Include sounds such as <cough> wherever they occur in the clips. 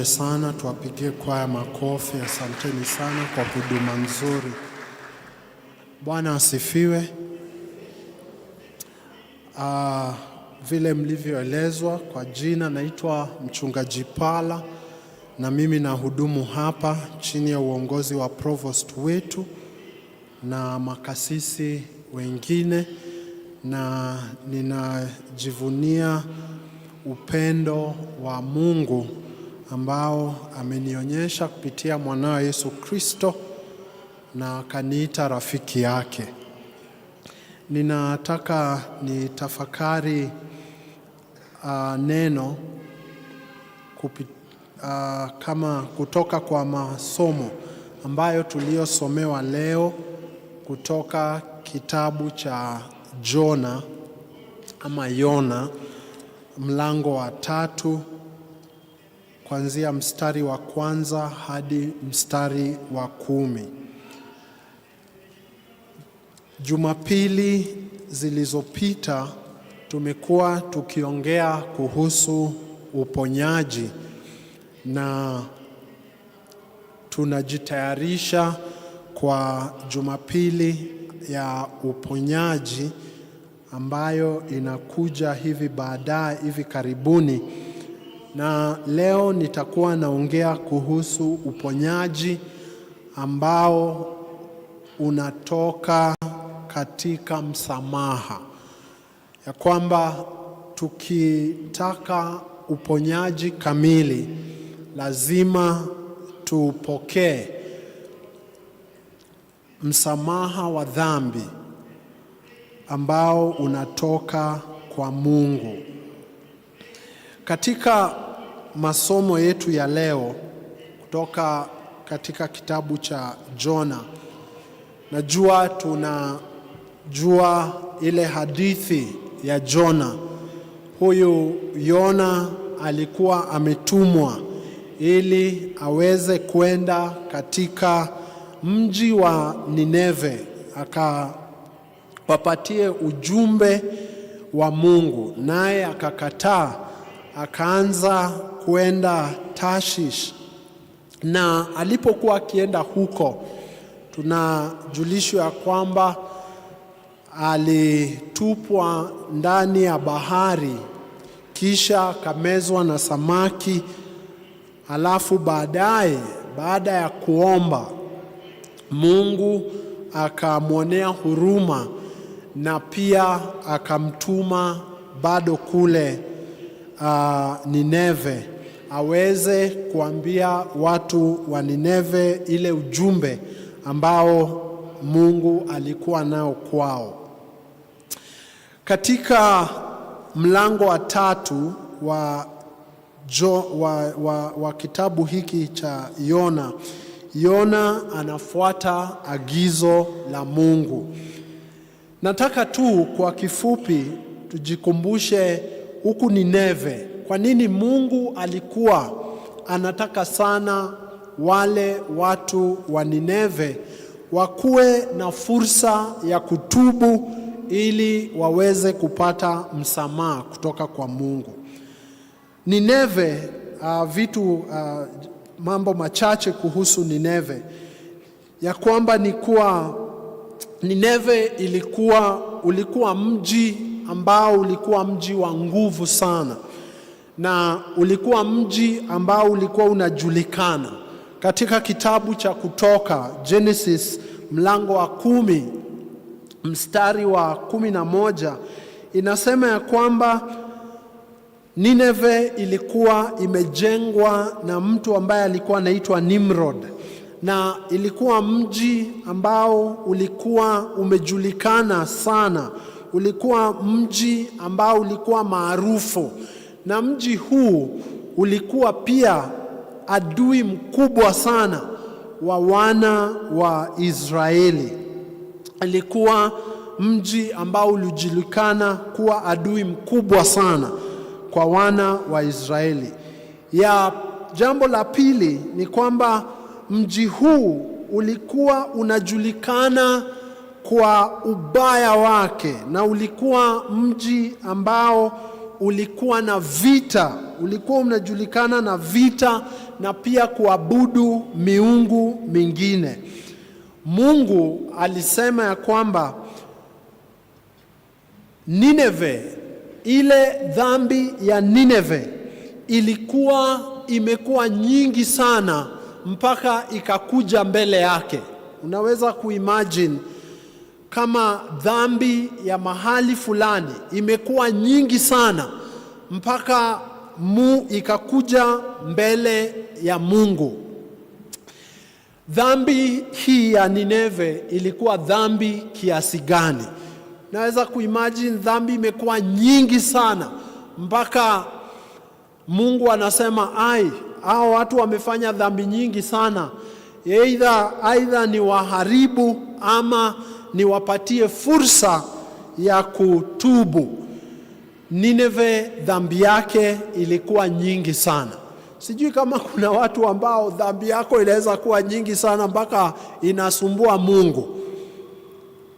Asante sana, tuwapigie kwaya makofi. Asanteni sana kwa huduma nzuri. Bwana asifiwe. Ah, vile mlivyoelezwa kwa jina, naitwa mchungaji Pala na mimi nahudumu hapa chini ya uongozi wa provost wetu na makasisi wengine, na ninajivunia upendo wa Mungu ambao amenionyesha kupitia mwanawe Yesu Kristo na akaniita rafiki yake. Ninataka nitafakari uh, neno kupi, uh, kama kutoka kwa masomo ambayo tuliyosomewa leo kutoka kitabu cha Jona ama Yona mlango wa tatu kuanzia mstari wa kwanza hadi mstari wa kumi. Jumapili zilizopita tumekuwa tukiongea kuhusu uponyaji na tunajitayarisha kwa Jumapili ya uponyaji ambayo inakuja hivi baadaye hivi karibuni na leo nitakuwa naongea kuhusu uponyaji ambao unatoka katika msamaha, ya kwamba tukitaka uponyaji kamili lazima tupokee msamaha wa dhambi ambao unatoka kwa Mungu. Katika masomo yetu ya leo kutoka katika kitabu cha Jona. Najua tunajua ile hadithi ya Jona. Huyu Yona alikuwa ametumwa ili aweze kwenda katika mji wa Nineve akawapatie ujumbe wa Mungu, naye akakataa akaanza kuenda Tashish, na alipokuwa akienda huko, tunajulishwa ya kwamba alitupwa ndani ya bahari, kisha akamezwa na samaki. Alafu baadaye, baada ya kuomba Mungu akamwonea huruma na pia akamtuma bado kule uh, Nineve aweze kuambia watu wa Nineve ile ujumbe ambao Mungu alikuwa nao kwao. Katika mlango wa tatu wa, jo, wa, wa, wa kitabu hiki cha Yona, Yona anafuata agizo la Mungu. Nataka tu kwa kifupi tujikumbushe huku Nineve. Kwa nini Mungu alikuwa anataka sana wale watu wa Nineve wakuwe na fursa ya kutubu ili waweze kupata msamaha kutoka kwa Mungu. Nineve, uh, vitu uh, mambo machache kuhusu Nineve ya kwamba ni kuwa Nineve ilikuwa ulikuwa mji ambao ulikuwa mji wa nguvu sana, na ulikuwa mji ambao ulikuwa unajulikana. Katika kitabu cha Kutoka Genesis mlango wa kumi mstari wa kumi na moja inasema ya kwamba Nineve ilikuwa imejengwa na mtu ambaye alikuwa anaitwa Nimrod na ilikuwa mji ambao ulikuwa umejulikana sana ulikuwa mji ambao ulikuwa maarufu, na mji huu ulikuwa pia adui mkubwa sana wa wana wa Israeli. Alikuwa mji ambao ulijulikana kuwa adui mkubwa sana kwa wana wa Israeli. Ya jambo la pili ni kwamba mji huu ulikuwa unajulikana kwa ubaya wake, na ulikuwa mji ambao ulikuwa na vita, ulikuwa unajulikana na vita na pia kuabudu miungu mingine. Mungu alisema ya kwamba Nineve, ile dhambi ya Nineve ilikuwa imekuwa nyingi sana mpaka ikakuja mbele yake. Unaweza kuimagine kama dhambi ya mahali fulani imekuwa nyingi sana mpaka mu ikakuja mbele ya Mungu. Dhambi hii ya Nineve ilikuwa dhambi kiasi gani? Naweza kuimagine dhambi imekuwa nyingi sana mpaka Mungu anasema ai, hao watu wamefanya dhambi nyingi sana, aidha aidha ni waharibu ama niwapatie fursa ya kutubu. Nineve dhambi yake ilikuwa nyingi sana. Sijui kama kuna watu ambao dhambi yako inaweza kuwa nyingi sana mpaka inasumbua Mungu.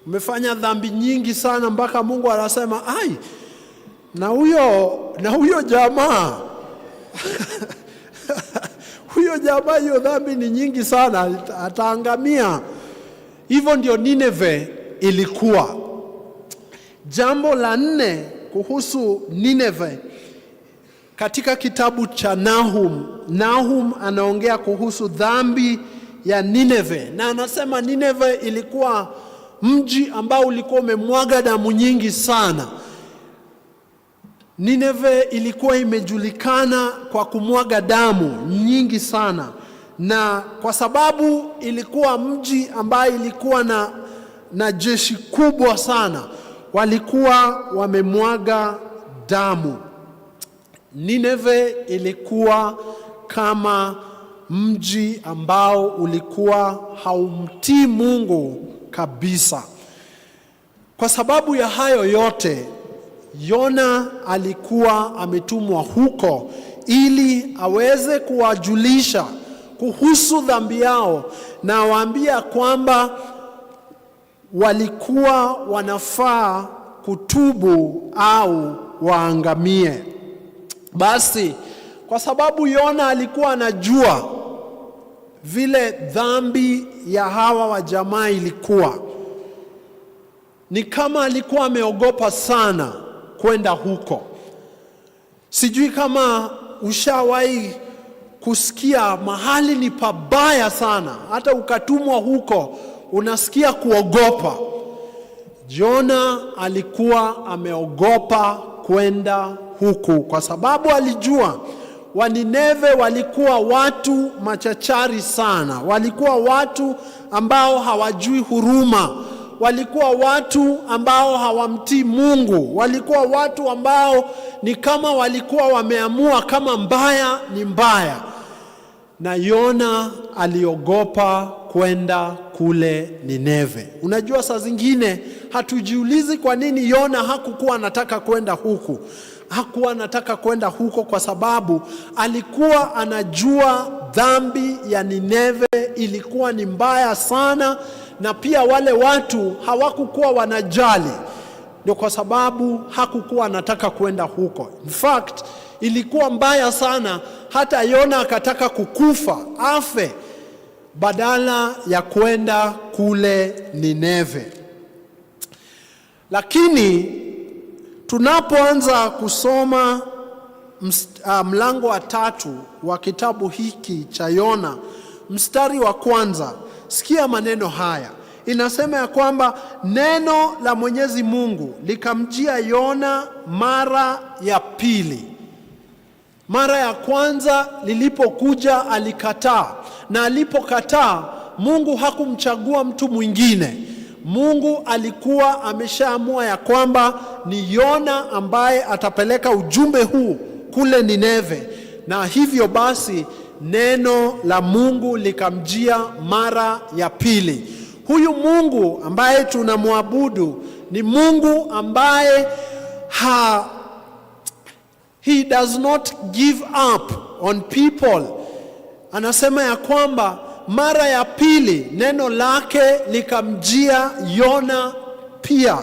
Umefanya dhambi nyingi sana mpaka Mungu anasema ai, na huyo na huyo jamaa <laughs> huyo jamaa, hiyo dhambi ni nyingi sana, ataangamia. Hivyo ndio Nineve ilikuwa. Jambo la nne kuhusu Nineve katika kitabu cha Nahum, Nahum anaongea kuhusu dhambi ya Nineve na anasema Nineve ilikuwa mji ambao ulikuwa umemwaga damu nyingi sana. Nineve ilikuwa imejulikana kwa kumwaga damu nyingi sana na kwa sababu ilikuwa mji ambaye ilikuwa na, na jeshi kubwa sana, walikuwa wamemwaga damu. Nineve ilikuwa kama mji ambao ulikuwa haumtii Mungu kabisa. Kwa sababu ya hayo yote, Yona alikuwa ametumwa huko ili aweze kuwajulisha kuhusu dhambi yao, na waambia kwamba walikuwa wanafaa kutubu au waangamie. Basi kwa sababu Yona alikuwa anajua vile dhambi ya hawa wa jamaa ilikuwa, ni kama alikuwa ameogopa sana kwenda huko. Sijui kama ushawahi kusikia mahali ni pabaya sana, hata ukatumwa huko unasikia kuogopa. Jona alikuwa ameogopa kwenda huku kwa sababu alijua Wanineve walikuwa watu machachari sana, walikuwa watu ambao hawajui huruma, walikuwa watu ambao hawamtii Mungu, walikuwa watu ambao ni kama walikuwa wameamua kama mbaya ni mbaya na Yona aliogopa kwenda kule Nineve. Unajua, saa zingine hatujiulizi kwa nini Yona hakukuwa anataka kwenda huku. Hakuwa anataka kwenda huko kwa sababu alikuwa anajua dhambi ya Nineve ilikuwa ni mbaya sana, na pia wale watu hawakukuwa wanajali, ndio kwa sababu hakukuwa anataka kwenda huko. In fact ilikuwa mbaya sana, hata Yona akataka kukufa afe, badala ya kwenda kule Nineve. Lakini tunapoanza kusoma ah, mlango wa tatu wa kitabu hiki cha Yona, mstari wa kwanza, sikia maneno haya. Inasema ya kwamba neno la Mwenyezi Mungu likamjia Yona mara ya pili mara ya kwanza lilipokuja alikataa, na alipokataa Mungu hakumchagua mtu mwingine. Mungu alikuwa ameshaamua ya kwamba ni Yona ambaye atapeleka ujumbe huu kule Nineve, na hivyo basi neno la Mungu likamjia mara ya pili. Huyu Mungu ambaye tunamwabudu ni Mungu ambaye ha He does not give up on people. Anasema ya kwamba mara ya pili neno lake likamjia Yona pia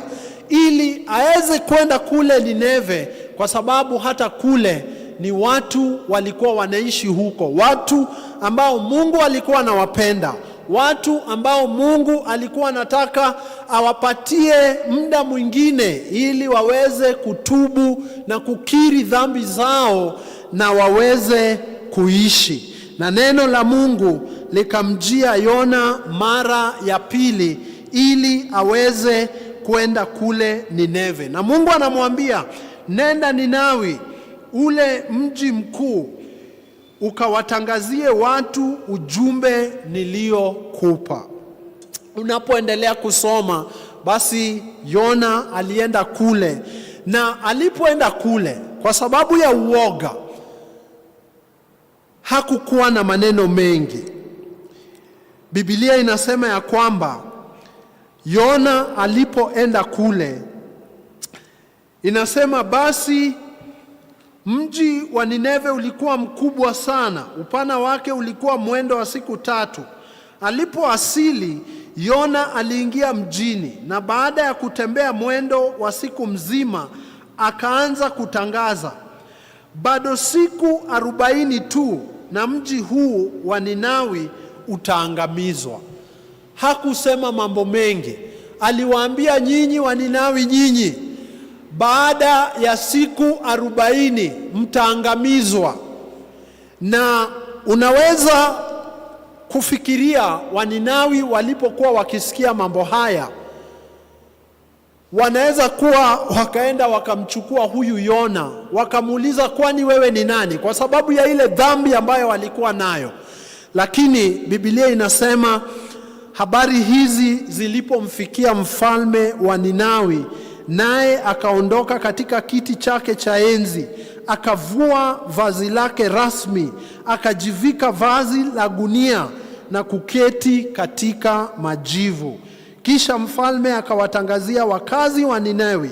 ili aweze kwenda kule Nineve, kwa sababu hata kule ni watu walikuwa wanaishi huko, watu ambao Mungu alikuwa anawapenda, watu ambao Mungu alikuwa anataka awapatie muda mwingine ili waweze kutubu na kukiri dhambi zao na waweze kuishi. Na neno la Mungu likamjia Yona mara ya pili ili aweze kwenda kule Nineve, na Mungu anamwambia nenda Ninawi, ule mji mkuu ukawatangazie watu ujumbe niliyokupa. Unapoendelea kusoma basi, Yona alienda kule, na alipoenda kule, kwa sababu ya uoga, hakukuwa na maneno mengi. Biblia inasema ya kwamba Yona alipoenda kule, inasema basi Mji wa Nineve ulikuwa mkubwa sana, upana wake ulikuwa mwendo wa siku tatu. Alipowasili, Yona aliingia mjini, na baada ya kutembea mwendo wa siku mzima akaanza kutangaza, bado siku arobaini tu na mji huu wa Ninawi utaangamizwa. Hakusema mambo mengi, aliwaambia nyinyi Waninawi, nyinyi baada ya siku arobaini mtaangamizwa. Na unaweza kufikiria Waninawi walipokuwa wakisikia mambo haya, wanaweza kuwa wakaenda wakamchukua huyu Yona, wakamuuliza kwani wewe ni nani? Kwa sababu ya ile dhambi ambayo walikuwa nayo. Lakini Biblia inasema habari hizi zilipomfikia mfalme wa Ninawi naye akaondoka katika kiti chake cha enzi, akavua vazi lake rasmi, akajivika vazi la gunia na kuketi katika majivu. Kisha mfalme akawatangazia wakazi wa Ninawi,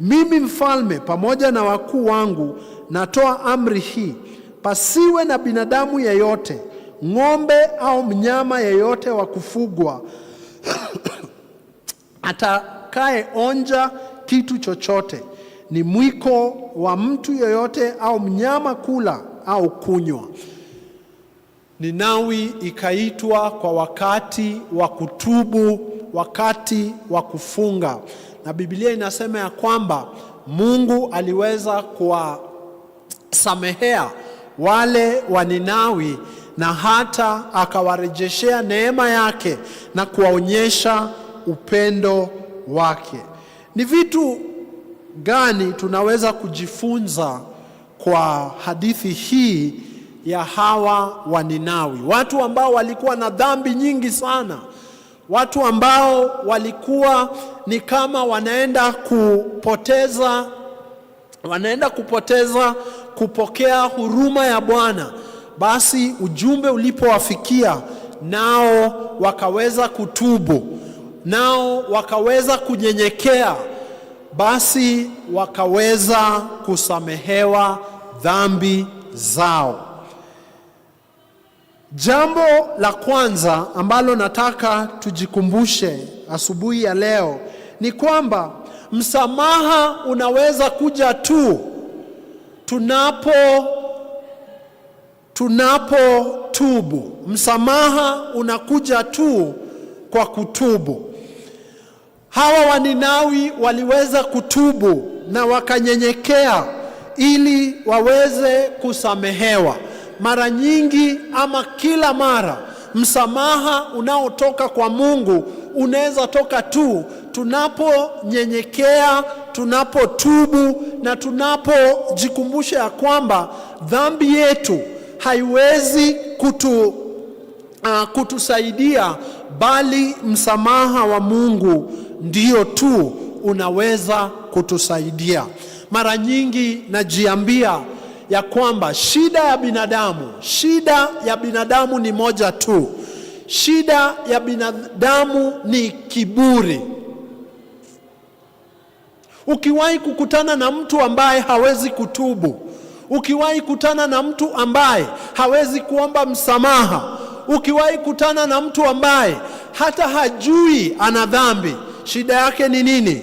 mimi mfalme pamoja na wakuu wangu natoa amri hii, pasiwe na binadamu yeyote, ng'ombe au mnyama yeyote wa kufugwa <clears throat> ata atakayeonja kitu chochote ni mwiko wa mtu yoyote au mnyama kula au kunywa. Ninawi ikaitwa kwa wakati wa kutubu, wakati wa kufunga, na Biblia inasema ya kwamba Mungu aliweza kuwasamehea wale wa Ninawi na hata akawarejeshea neema yake na kuwaonyesha upendo wake. Ni vitu gani tunaweza kujifunza kwa hadithi hii ya hawa Waninawi, watu ambao walikuwa na dhambi nyingi sana, watu ambao walikuwa ni kama wanaenda kupoteza, wanaenda kupoteza kupokea huruma ya Bwana. Basi ujumbe ulipowafikia nao wakaweza kutubu nao wakaweza kunyenyekea, basi wakaweza kusamehewa dhambi zao. Jambo la kwanza ambalo nataka tujikumbushe asubuhi ya leo ni kwamba msamaha unaweza kuja tu tunapo tunapotubu. Msamaha unakuja tu kwa kutubu hawa Waninawi waliweza kutubu na wakanyenyekea ili waweze kusamehewa. Mara nyingi ama kila mara msamaha unaotoka kwa Mungu unaweza toka tu tunaponyenyekea, tunapotubu na tunapojikumbusha ya kwamba dhambi yetu haiwezi kutu, uh, kutusaidia bali msamaha wa Mungu ndio tu unaweza kutusaidia. Mara nyingi najiambia ya kwamba shida ya binadamu, shida ya binadamu ni moja tu. Shida ya binadamu ni kiburi. Ukiwahi kukutana na mtu ambaye hawezi kutubu, ukiwahi kutana na mtu ambaye hawezi kuomba msamaha, ukiwahi kutana na mtu ambaye hata hajui ana dhambi shida yake ni nini?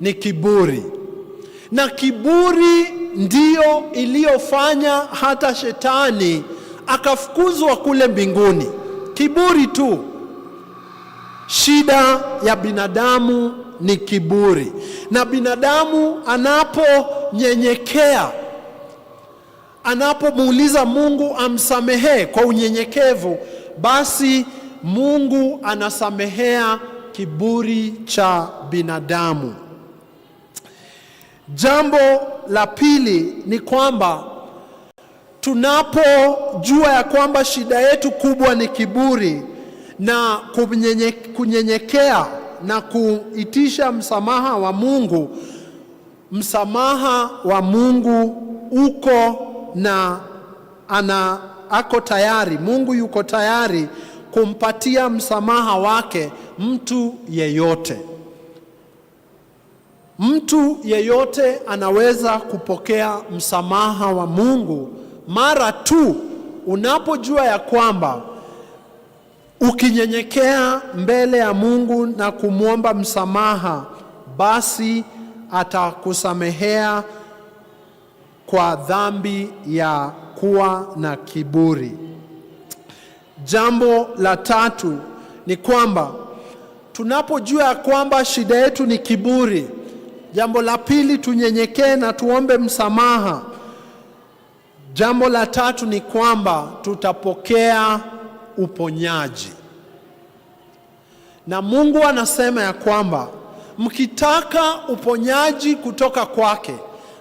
Ni kiburi, na kiburi ndiyo iliyofanya hata shetani akafukuzwa kule mbinguni. Kiburi tu. Shida ya binadamu ni kiburi, na binadamu anaponyenyekea, anapomuuliza Mungu amsamehee kwa unyenyekevu, basi Mungu anasamehea kiburi cha binadamu. Jambo la pili ni kwamba tunapojua ya kwamba shida yetu kubwa ni kiburi na kunyenye, kunyenyekea na kuitisha msamaha wa Mungu, msamaha wa Mungu uko na ana ako tayari. Mungu yuko tayari kumpatia msamaha wake mtu yeyote. Mtu yeyote anaweza kupokea msamaha wa Mungu mara tu unapojua ya kwamba ukinyenyekea mbele ya Mungu na kumwomba msamaha, basi atakusamehea kwa dhambi ya kuwa na kiburi. Jambo la tatu ni kwamba Tunapojua ya kwamba shida yetu ni kiburi, jambo la pili tunyenyekee na tuombe msamaha. Jambo la tatu ni kwamba tutapokea uponyaji, na Mungu anasema ya kwamba mkitaka uponyaji kutoka kwake,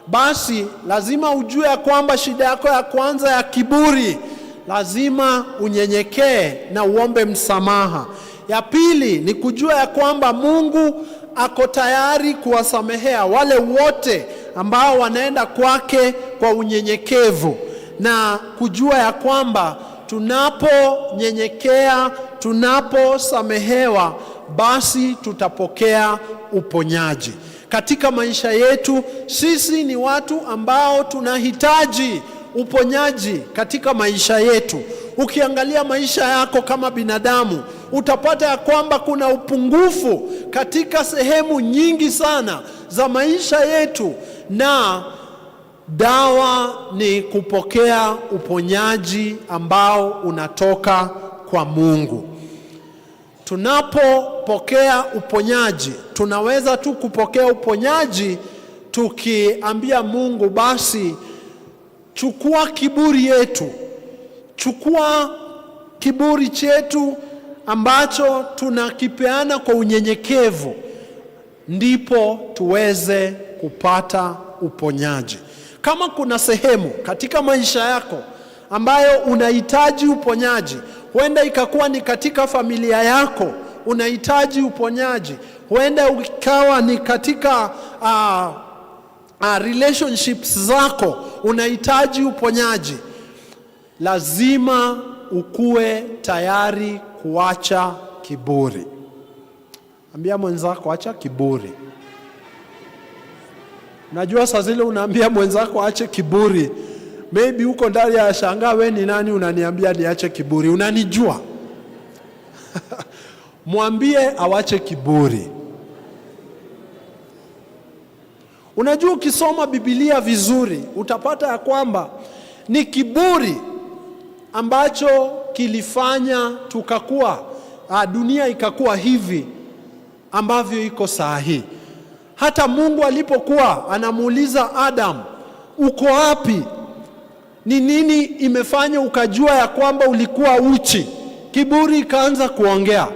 basi lazima ujue ya kwamba shida yako ya kwanza ya kiburi, lazima unyenyekee na uombe msamaha. Ya pili ni kujua ya kwamba Mungu ako tayari kuwasamehea wale wote ambao wanaenda kwake kwa unyenyekevu na kujua ya kwamba tunaponyenyekea, tunaposamehewa, basi tutapokea uponyaji katika maisha yetu. Sisi ni watu ambao tunahitaji uponyaji katika maisha yetu. Ukiangalia maisha yako kama binadamu utapata ya kwamba kuna upungufu katika sehemu nyingi sana za maisha yetu, na dawa ni kupokea uponyaji ambao unatoka kwa Mungu. Tunapopokea uponyaji, tunaweza tu kupokea uponyaji tukiambia Mungu, basi chukua kiburi yetu, chukua kiburi chetu ambacho tunakipeana kwa unyenyekevu, ndipo tuweze kupata uponyaji. Kama kuna sehemu katika maisha yako ambayo unahitaji uponyaji, huenda ikakuwa ni katika familia yako unahitaji uponyaji, huenda ikawa ni katika uh, uh, relationships zako unahitaji uponyaji. Lazima ukue tayari kuacha kiburi. Ambia mwenzako acha kiburi. Najua saa zile unaambia mwenzako aache kiburi, maybe huko ndani ya shangaa, we ni nani unaniambia niache kiburi? Unanijua? <laughs> Mwambie awache kiburi. Unajua, ukisoma Biblia vizuri utapata ya kwamba ni kiburi ambacho kilifanya tukakuwa ah, dunia ikakuwa hivi ambavyo iko saa hii. Hata Mungu alipokuwa anamuuliza Adam, uko wapi? Ni nini imefanya ukajua ya kwamba ulikuwa uchi? Kiburi ikaanza kuongea,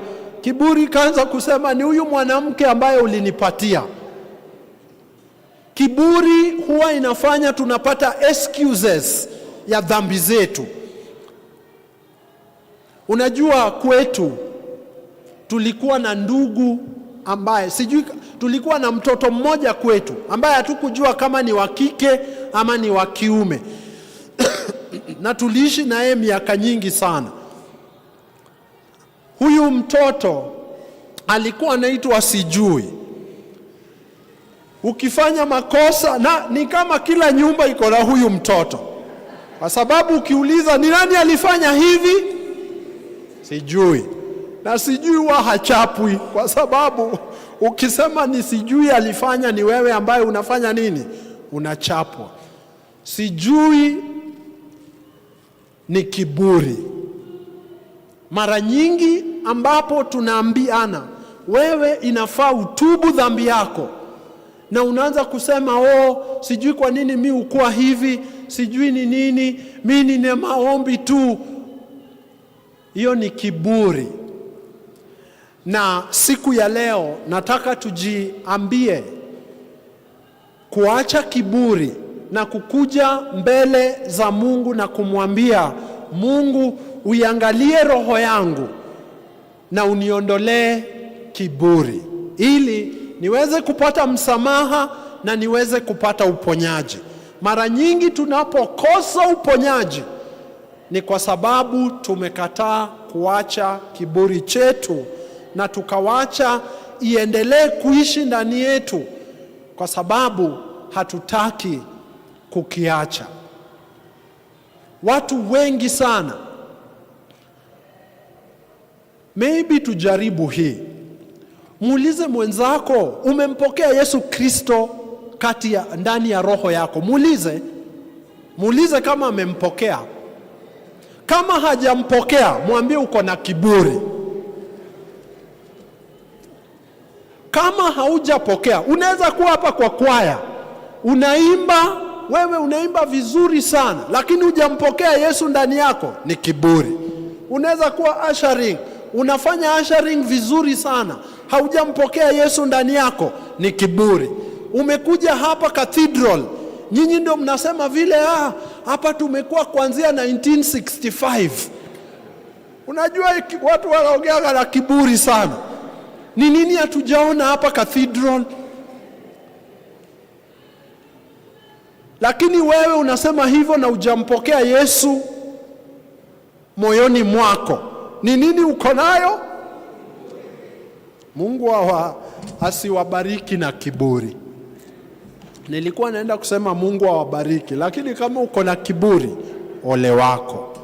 kiburi ikaanza kusema, ni huyu mwanamke ambaye ulinipatia. Kiburi huwa inafanya tunapata excuses ya dhambi zetu. Unajua kwetu tulikuwa na ndugu ambaye sijui, tulikuwa na mtoto mmoja kwetu ambaye hatukujua kama ni wa kike ama ni wa kiume <coughs> na tuliishi na yeye miaka nyingi sana. Huyu mtoto alikuwa anaitwa sijui. Ukifanya makosa na ni kama kila nyumba iko na huyu mtoto, kwa sababu ukiuliza ni nani alifanya hivi sijui na sijui wa hachapwi, kwa sababu ukisema ni sijui alifanya, ni wewe ambaye unafanya nini? Unachapwa. Sijui ni kiburi. Mara nyingi ambapo tunaambiana wewe inafaa utubu dhambi yako, na unaanza kusema oh, sijui kwa nini mi ukuwa hivi, sijui ni nini, mi nina maombi tu hiyo ni kiburi. Na siku ya leo nataka tujiambie kuacha kiburi na kukuja mbele za Mungu na kumwambia Mungu, uiangalie roho yangu na uniondolee kiburi ili niweze kupata msamaha na niweze kupata uponyaji. Mara nyingi tunapokosa uponyaji ni kwa sababu tumekataa kuacha kiburi chetu na tukawacha iendelee kuishi ndani yetu, kwa sababu hatutaki kukiacha. Watu wengi sana, maybe tujaribu hii. Muulize mwenzako, umempokea Yesu Kristo kati ya ndani ya roho yako? Muulize, muulize kama amempokea kama hajampokea mwambie uko na kiburi. Kama haujapokea, unaweza kuwa hapa kwa kwaya unaimba wewe unaimba vizuri sana, lakini hujampokea Yesu ndani yako, ni kiburi. Unaweza kuwa ushering, unafanya ushering vizuri sana, haujampokea Yesu ndani yako, ni kiburi. Umekuja hapa cathedral, nyinyi ndio mnasema vile ah hapa tumekuwa kuanzia 1965. Unajua watu wanaongea na kiburi sana. Ni nini hatujaona hapa cathedral? Lakini wewe unasema hivyo na hujampokea Yesu moyoni mwako, ni nini uko nayo? Mungu asiwabariki na kiburi. Nilikuwa naenda kusema Mungu awabariki, lakini kama uko na kiburi, ole wako.